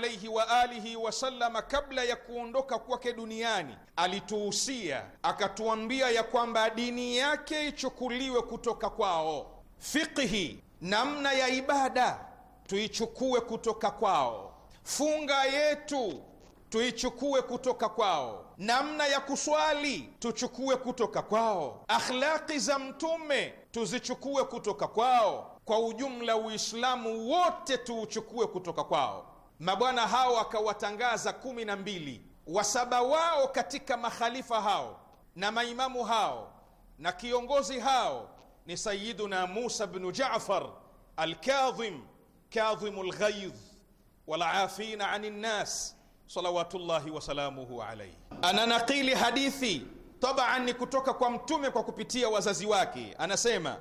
alihi wasallama kabla ya kuondoka kwake duniani alituhusia akatuambia ya kwamba dini yake ichukuliwe kutoka kwao, fiqhi, namna ya ibada tuichukue kutoka kwao funga yetu tuichukue kutoka kwao, namna ya kuswali tuchukue kutoka kwao, akhlaqi za Mtume tuzichukue kutoka kwao. Kwa ujumla, Uislamu wote tuuchukue kutoka kwao. Mabwana hao akawatangaza kumi na mbili, wasaba wao katika makhalifa hao na maimamu hao na kiongozi hao ni Sayiduna Musa bnu Jafar Alkadhim, Kadhimu Lghaidh walafina ani nnas salawatullahi wasalamuhu alaihi. naqili hadithi taban ni kutoka kwa Mtume kwa kupitia wazazi wake, anasema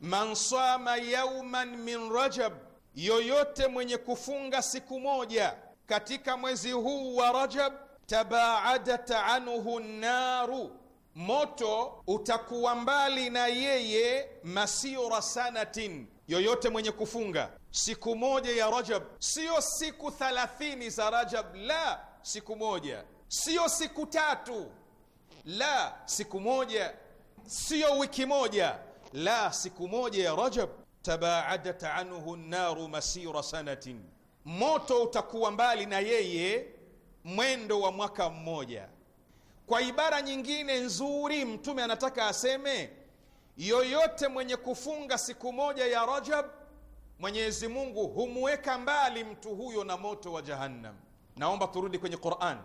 man sama yauman min Rajab, yoyote mwenye kufunga siku moja katika mwezi huu wa Rajab, tabaadat anhu nnaru, moto utakuwa mbali na yeye masira sanatin, yoyote mwenye kufunga siku moja ya Rajab, siyo siku thalathini za Rajab, la siku moja, siyo siku tatu, la siku moja, siyo wiki moja, la siku moja ya Rajab. Tabaadat anhu naru masira sanatin, moto utakuwa mbali na yeye mwendo wa mwaka mmoja. Kwa ibara nyingine nzuri, Mtume anataka aseme yoyote mwenye kufunga siku moja ya Rajab Mwenyezi Mungu humweka mbali mtu huyo na moto wa Jahannam. Naomba turudi kwenye Qur'an,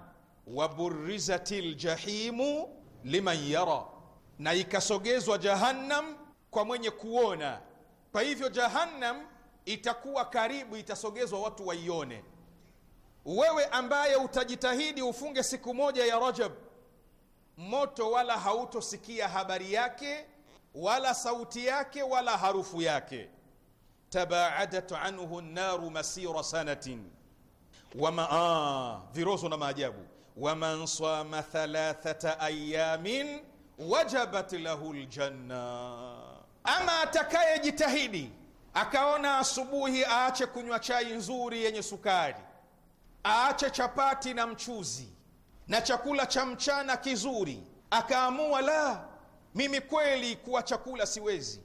waburrizatil jahimu liman yara, na ikasogezwa Jahannam kwa mwenye kuona. Kwa hivyo Jahannam itakuwa karibu, itasogezwa watu waione. Wewe ambaye utajitahidi ufunge siku moja ya Rajab, moto wala hautosikia habari yake wala sauti yake wala harufu yake tabaadat anhu naru masira sanatin wama ah, viroso na maajabu waman sama thalathata ayamin wajabat lahu ljanna, ama atakayejitahidi akaona asubuhi aache kunywa chai nzuri yenye sukari, aache chapati na mchuzi na chakula cha mchana kizuri, akaamua la, mimi kweli kuwa chakula siwezi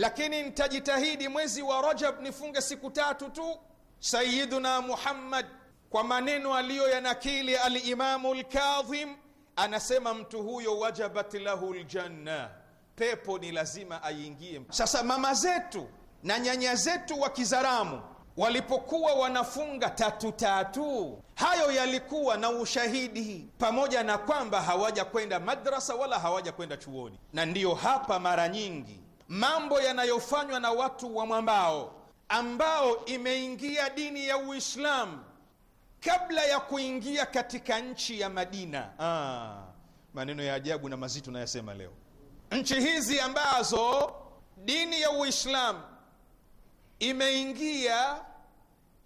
lakini nitajitahidi mwezi wa Rajab nifunge siku tatu tu. Sayiduna Muhammad kwa maneno aliyo yanakili Alimamu Lkadhim anasema mtu huyo wajabat lahu ljanna, pepo ni lazima aingie. Sasa mama zetu na nyanya zetu wa Kizaramu walipokuwa wanafunga tatu tatu, hayo yalikuwa na ushahidi, pamoja na kwamba hawaja kwenda madrasa wala hawaja kwenda chuoni, na ndiyo hapa mara nyingi mambo yanayofanywa na watu wa mwambao ambao imeingia dini ya Uislamu kabla ya kuingia katika nchi ya Madina. Ah, maneno ya ajabu na mazito nayasema leo. Nchi hizi ambazo dini ya Uislamu imeingia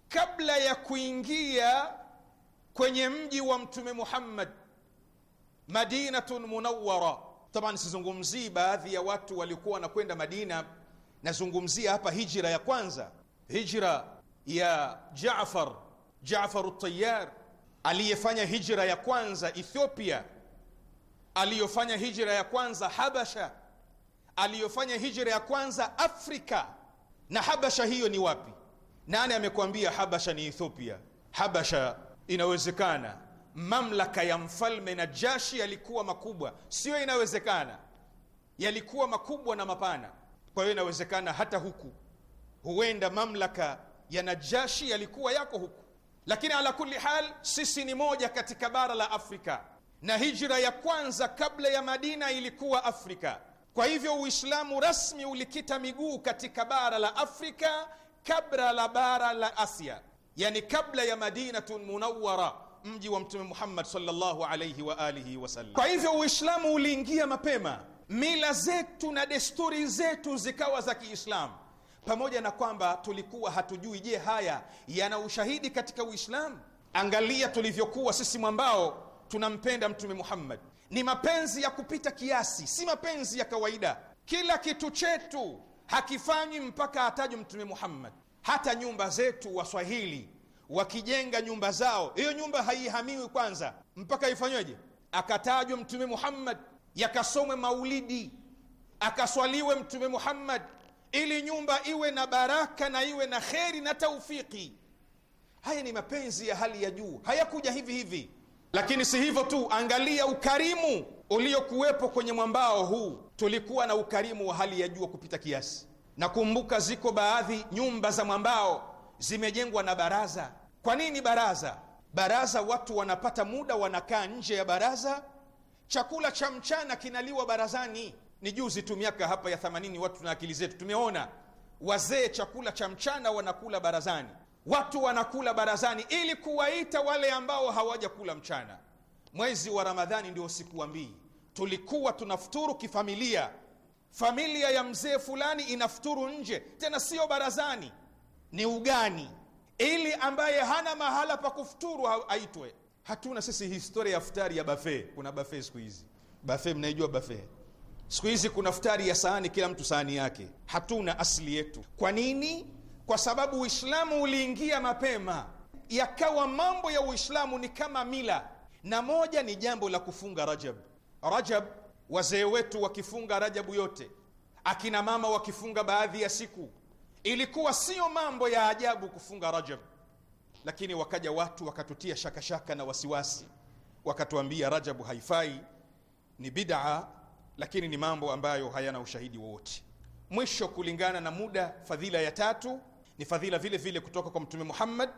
kabla ya kuingia kwenye mji wa Mtume Muhammad, Madinatun Munawwara Taban, sizungumzii baadhi ya watu walikuwa wanakwenda Madina, nazungumzia hapa hijra ya kwanza, hijra ya Jaafar Jaafar At-Tayyar aliyefanya hijra ya kwanza Ethiopia, aliyofanya hijra ya kwanza Habasha, aliyofanya hijra ya kwanza Afrika. Na Habasha hiyo ni wapi? Nani amekwambia Habasha ni Ethiopia? Habasha inawezekana mamlaka ya mfalme Najashi yalikuwa makubwa, sio inawezekana, yalikuwa makubwa na mapana. Kwa hiyo inawezekana hata huku, huenda mamlaka ya Najashi yalikuwa yako huku, lakini ala kulli hal, sisi ni moja katika bara la Afrika, na hijra ya kwanza kabla ya Madina ilikuwa Afrika. Kwa hivyo Uislamu rasmi ulikita miguu katika bara la Afrika kabla la bara la Asia, yani kabla ya Madinatun Munawwara mji wa Mtume Muhammad sallallahu alayhi wa alihi wasallam. Kwa hivyo Uislamu uliingia mapema, mila zetu na desturi zetu zikawa za Kiislamu, pamoja na kwamba tulikuwa hatujui. Je, haya yana ushahidi katika Uislamu? Angalia tulivyokuwa sisi mwambao tunampenda Mtume Muhammad, ni mapenzi ya kupita kiasi, si mapenzi ya kawaida. Kila kitu chetu hakifanywi mpaka atajwe Mtume Muhammad. Hata nyumba zetu Waswahili wakijenga nyumba zao, hiyo nyumba haihamiwi kwanza mpaka ifanyweje? Akatajwe Mtume Muhammad, yakasomwe maulidi, akaswaliwe Mtume Muhammad, ili nyumba iwe na baraka na iwe na kheri na taufiki. Haya ni mapenzi ya hali ya juu, hayakuja hivi hivi. Lakini si hivyo tu, angalia ukarimu uliokuwepo kwenye mwambao huu. Tulikuwa na ukarimu wa hali ya juu kupita kiasi. Nakumbuka ziko baadhi nyumba za mwambao zimejengwa na baraza. Kwa nini baraza? Baraza watu wanapata muda, wanakaa nje ya baraza, chakula cha mchana kinaliwa barazani. Ni juzi tu miaka hapa ya themanini, watu na akili zetu tumeona wazee chakula cha mchana wanakula barazani, watu wanakula barazani ili kuwaita wale ambao hawajakula mchana. Mwezi wa Ramadhani ndio sikuambii, tulikuwa tunafuturu kifamilia, familia ya mzee fulani inafuturu nje, tena sio barazani ni ugani, ili ambaye hana mahala pa kufuturu aitwe. Hatuna sisi historia ya futari ya bafe. Kuna bafe siku hizi, bafe mnaijua bafe siku hizi kuna futari ya sahani, kila mtu sahani yake. Hatuna asili yetu. Kwa nini? Kwa sababu Uislamu uliingia mapema, yakawa mambo ya Uislamu ni kama mila, na moja ni jambo la kufunga Rajab. Rajab, wazee wetu wakifunga Rajabu yote, akina mama wakifunga baadhi ya siku Ilikuwa sio mambo ya ajabu kufunga Rajab, lakini wakaja watu wakatutia shakashaka na wasiwasi, wakatuambia Rajabu haifai, ni bid'a, lakini ni mambo ambayo hayana ushahidi wowote. Mwisho, kulingana na muda, fadhila ya tatu ni fadhila vile vile kutoka kwa Mtume Muhammad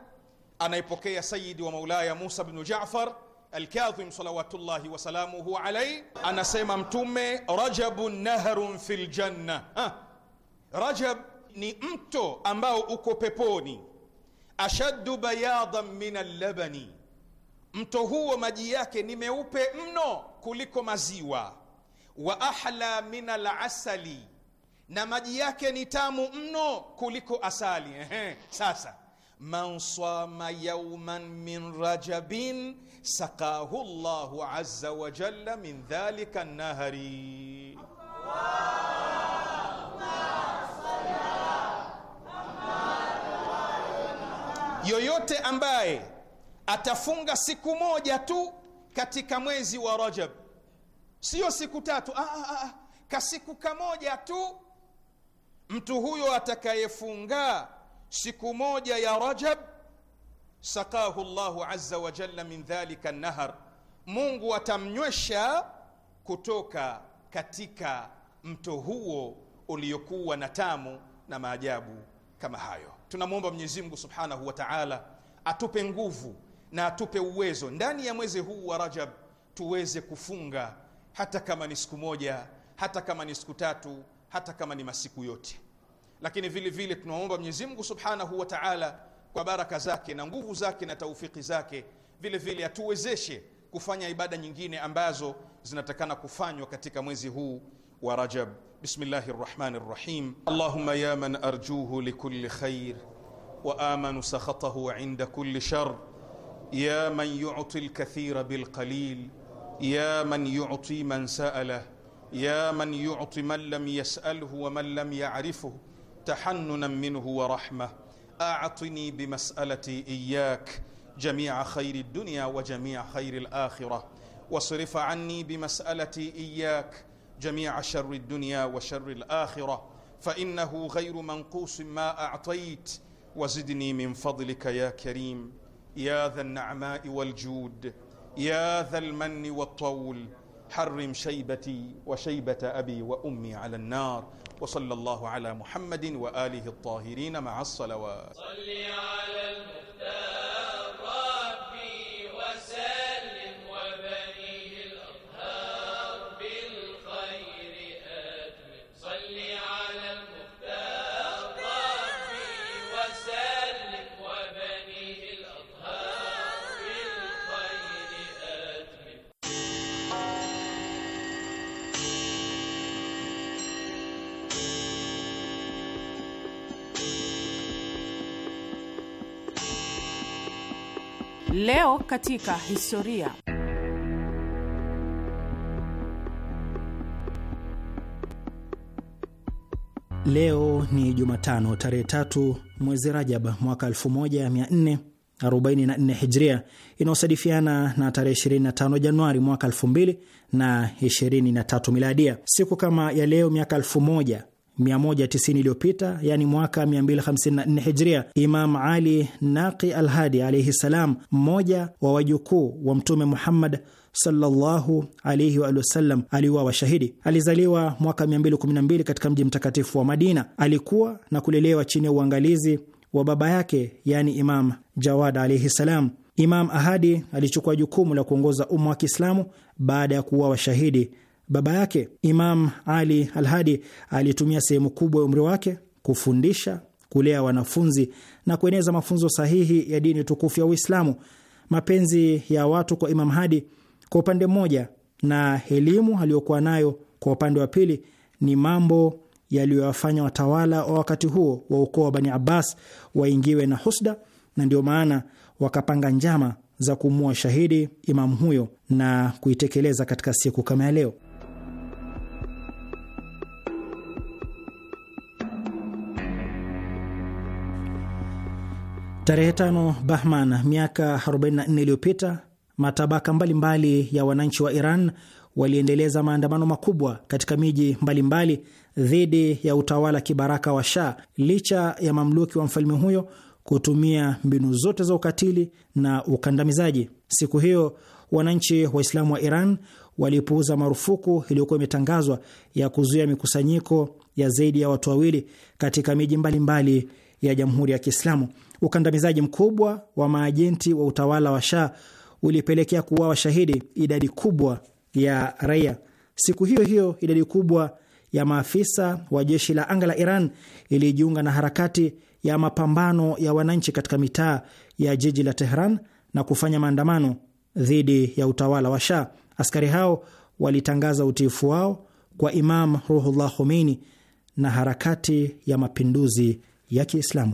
anayepokea Sayyidi wa Maulaya Musa bnu Jafar Alkadhim salawatullahi wasalamuhu alaihi, anasema Mtume, Rajabu naharun fil janna. Rajab ni mto ambao uko peponi, ashaddu bayadan min allabani, mto huo maji yake ni meupe mno kuliko maziwa. Wa ahla min alasali, na maji yake ni tamu mno kuliko asali. Ehe, sasa man sama yauman min rajabin sakahu llahu azza wa jalla min dhalika nahari. Allah yoyote ambaye atafunga siku moja tu katika mwezi wa Rajab, sio siku tatu, ah, ah, ah, ah. kasiku kamoja tu. Mtu huyo atakayefunga siku moja ya Rajab, sakahu Allahu azza wa jalla min dhalika nahar, Mungu atamnywesha kutoka katika mto huo uliokuwa na tamu na maajabu kama hayo tunamwomba Mwenyezi Mungu Subhanahu wa Ta'ala atupe nguvu na atupe uwezo ndani ya mwezi huu wa Rajab tuweze kufunga hata kama ni siku moja, hata kama ni siku tatu, hata kama ni masiku yote. Lakini vile vile tunamwomba Mwenyezi Mungu Subhanahu wa Ta'ala kwa baraka zake na nguvu zake na taufiki zake, vile vile atuwezeshe kufanya ibada nyingine ambazo zinatakana kufanywa katika mwezi huu wa Rajab. بسم الله الرحمن الرحيم اللهم يا من ارجوه لكل خير وامن سخطه عند كل شر يا من يعطي الكثير بالقليل يا من يعطي من ساله يا من يعطي من لم يساله ومن لم يعرفه تحننا منه ورحمه اعطني بمسالتي اياك جميع خير الدنيا وجميع خير الاخره واصرف عني بمسالتي اياك جميع شر الدنيا وشر الاخره فانه غير منقوص ما اعطيت وزدني من فضلك يا كريم يا ذا النعماء والجود يا ذا المن والطول حرم شيبتي وشيبه ابي وامي على النار وصلى الله على محمد واله الطاهرين مع الصلوات صل على المختار Leo katika historia. Leo ni Jumatano tarehe tatu mwezi Rajab mwaka 1444 Hijria, inayosadifiana na tarehe 25 Januari mwaka 2023 Miladia. Siku kama ya leo miaka 190 iliyopita, yani mwaka 254 Hijria, Imam Ali Naqi Alhadi alaihi ssalam mmoja wa wajukuu wa Mtume Muhammad sallallahu alaihi wa sallam aliuawa shahidi. Alizaliwa mwaka 212 katika mji mtakatifu wa Madina. Alikuwa na kulelewa chini ya uangalizi wa baba yake, yani Imam Jawad alaihi ssalam Imam Ahadi alichukua jukumu la kuongoza umma wa Kiislamu baada ya kuuawa shahidi Baba yake Imam Ali Alhadi alitumia sehemu kubwa ya umri wake kufundisha, kulea wanafunzi na kueneza mafunzo sahihi ya dini tukufu ya Uislamu. Mapenzi ya watu kwa Imam Hadi kwa upande mmoja na elimu aliyokuwa nayo kwa upande wa pili ni mambo yaliyowafanya watawala wa wakati huo wa ukoo wa Bani Abbas waingiwe na husda, na ndio maana wakapanga njama za kumua shahidi imamu huyo na kuitekeleza katika siku kama ya leo. Tarehe tano Bahman miaka 44 iliyopita, matabaka mbalimbali mbali ya wananchi wa Iran waliendeleza maandamano makubwa katika miji mbalimbali dhidi ya utawala kibaraka wa Shah, licha ya mamluki wa mfalme huyo kutumia mbinu zote za ukatili na ukandamizaji. Siku hiyo wananchi Waislamu wa Iran walipuuza marufuku iliyokuwa imetangazwa ya kuzuia mikusanyiko ya zaidi ya watu wawili katika miji mbalimbali ya Jamhuri ya Kiislamu. Ukandamizaji mkubwa wa maajenti wa utawala wa Shah ulipelekea kuwa washahidi idadi kubwa ya raia. Siku hiyo hiyo, idadi kubwa ya maafisa wa jeshi la anga la Iran ilijiunga na harakati ya mapambano ya wananchi katika mitaa ya jiji la Tehran na kufanya maandamano dhidi ya utawala wa Shah. Askari hao walitangaza utiifu wao kwa Imam Ruhullah Khomeini na harakati ya mapinduzi ya Kiislamu.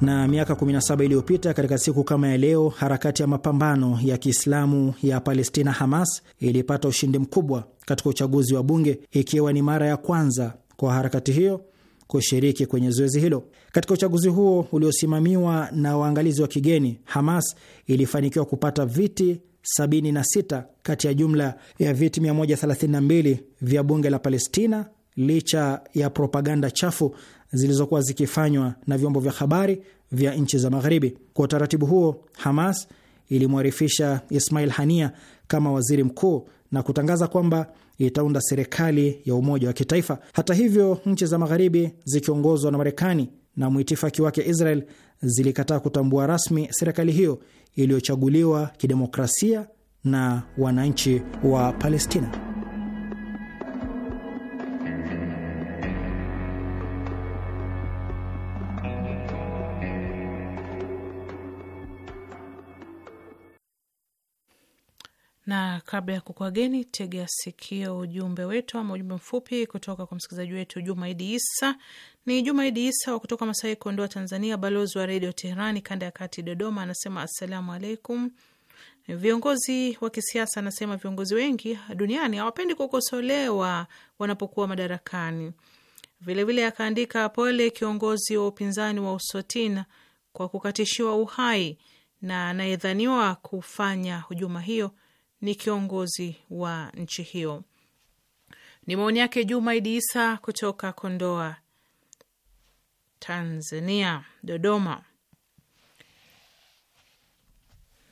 na miaka 17 iliyopita katika siku kama ya leo, harakati ya mapambano ya Kiislamu ya Palestina Hamas ilipata ushindi mkubwa katika uchaguzi wa bunge, ikiwa ni mara ya kwanza kwa harakati hiyo kushiriki kwenye zoezi hilo. Katika uchaguzi huo uliosimamiwa na waangalizi wa kigeni, Hamas ilifanikiwa kupata viti 76 kati ya jumla ya viti 132 vya bunge la Palestina licha ya propaganda chafu zilizokuwa zikifanywa na vyombo vya habari vya nchi za Magharibi. Kwa utaratibu huo, Hamas ilimwarifisha Ismail Hania kama waziri mkuu na kutangaza kwamba itaunda serikali ya umoja wa kitaifa. Hata hivyo, nchi za Magharibi zikiongozwa na Marekani na mwitifaki wake Israel zilikataa kutambua rasmi serikali hiyo iliyochaguliwa kidemokrasia na wananchi wa Palestina. kabla ya kukwageni, tegea sikio ujumbe wetu ama ujumbe mfupi kutoka kwa msikilizaji wetu Jumaidi Isa. Ni Jumaidi Isa wa kutoka Masai, Kondoa, Tanzania, balozi wa redio Teherani kanda ya kati, Dodoma. Anasema assalamu alaikum. Viongozi wa kisiasa, anasema viongozi wengi duniani hawapendi kukosolewa wanapokuwa madarakani. Vilevile akaandika pole kiongozi wa upinzani wa Usotina kwa kukatishiwa uhai na anayedhaniwa kufanya hujuma hiyo ni kiongozi wa nchi hiyo. Ni maoni yake Juma Idi Isa kutoka Kondoa, Tanzania, Dodoma.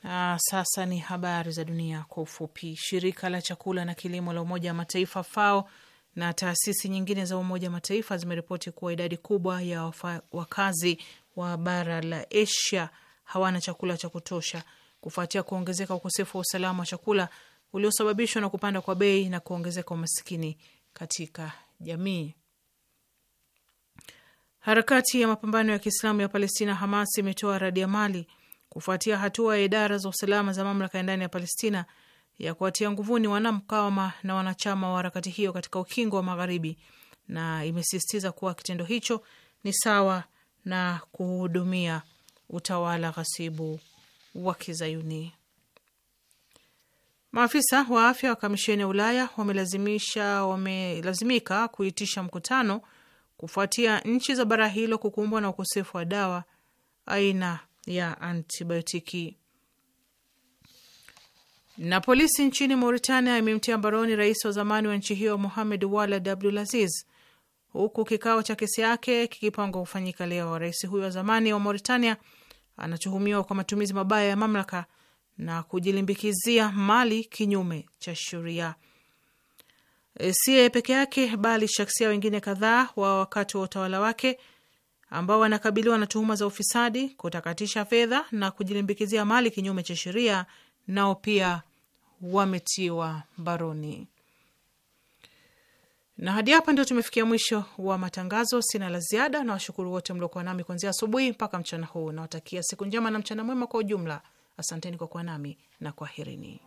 na sasa ni habari za dunia kwa ufupi. Shirika la chakula na kilimo la Umoja wa Mataifa FAO na taasisi nyingine za Umoja wa Mataifa zimeripoti kuwa idadi kubwa ya wakazi wa bara la Asia hawana chakula cha kutosha kufuatia kuongezeka ukosefu wa usalama wa chakula uliosababishwa na kupanda kwa bei na kuongezeka umasikini katika jamii. Harakati ya mapambano ya Kiislamu ya Palestina Hamas imetoa radiamali kufuatia hatua ya idara za usalama za mamlaka ya ndani ya Palestina ya kuwatia nguvuni wanamkawama na wanachama wa harakati hiyo katika ukingo wa Magharibi, na imesisitiza kuwa kitendo hicho ni sawa na kuhudumia utawala ghasibu wa Kizayuni. Maafisa wa afya wa kamisheni ya Ulaya wamelazimisha wamelazimika kuitisha mkutano kufuatia nchi za bara hilo kukumbwa na ukosefu wa dawa aina ya antibiotiki. Na polisi nchini Mauritania imemtia mbaroni rais wa zamani wa nchi hiyo Mohamed Walad Abdulaziz, huku kikao cha kesi yake kikipangwa kufanyika leo. Rais huyo wa zamani wa Mauritania anatuhumiwa kwa matumizi mabaya ya mamlaka na kujilimbikizia mali kinyume cha sheria. yeye peke yake bali shaksia wengine kadhaa wa wakati wa utawala wake ambao wanakabiliwa na tuhuma za ufisadi, kutakatisha fedha na kujilimbikizia mali kinyume cha sheria, nao pia wametiwa baroni. Na hadi hapa ndio tumefikia mwisho wa matangazo. Sina la ziada na washukuru wote mliokuwa nami kuanzia asubuhi mpaka mchana huu. Nawatakia siku njema na mchana mwema kwa ujumla. Asanteni kwa kuwa nami na kwaherini.